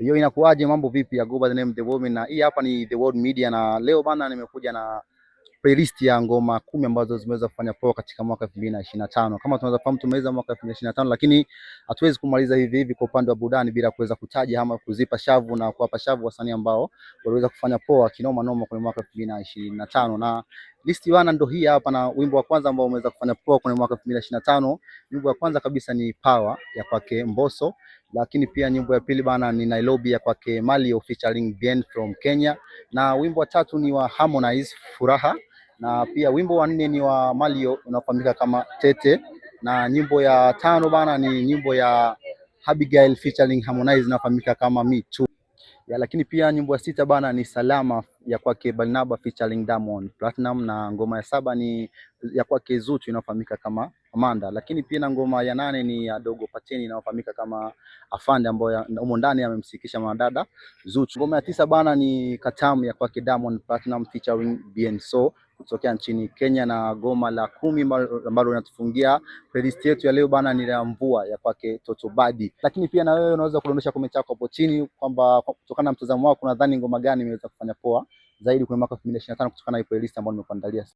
Hiyo inakuwaje? Mambo vipi ya Go By The Name The Woman, na hii hapa ni The World Media, na leo bana, nimekuja na playlist ya ngoma kumi ambazo zimeweza kufanya poa katika mwaka 2025. Kama tunaweza fahamu tumeweza mwaka 2025, lakini hatuwezi kumaliza hivi hivi kwa upande wa burudani bila kuweza kutaja ama kuzipa shavu na kuwapa shavu wasanii ambao waliweza kufanya poa kinoma noma kwenye mwaka 2025. Na Listi wana ndo hii hapa, na wimbo wa kwanza ambao umeweza kufanya poa kwenye mwaka 2025. Wimbo wa kwanza kabisa ni Power ya kwake Mbosso, lakini pia nyimbo ya pili bana ni Nairobi ya kwake Mali featuring Bien from Kenya, na wimbo wa tatu ni wa Harmonize Furaha, na pia wimbo wa nne ni wa Mali unafahamika kama Tete, na nyimbo ya tano bana ni nyimbo ya Abigail featuring Harmonize inafahamika kama Me Too ya, lakini pia nyimbo ya sita bana ni Salama ya kwake Barnaba featuring Diamond Platinum, na ngoma ya saba ni ya kwake Zuchu inayofahamika kama Amanda, lakini pia na ngoma ya nane ni ya Dogo Pateni inayofahamika kama Afande, ambayo humo ndani amemsikisha madada Zuchu. Ngoma ya tisa bana ni Katamu ya kwake Diamond Platinum featuring Bien So kutokea nchini Kenya na goma la kumi ambalo linatufungia playlist yetu ya leo bana, ni la mvua ya kwake Toto Badi. Lakini pia na wewe unaweza kudondosha comment yako hapo chini kwamba kutokana na mtazamo wako unadhani ngoma gani imeweza kufanya poa zaidi kwenye mwaka 2025 kutokana na playlist ambayo nimekuandalia.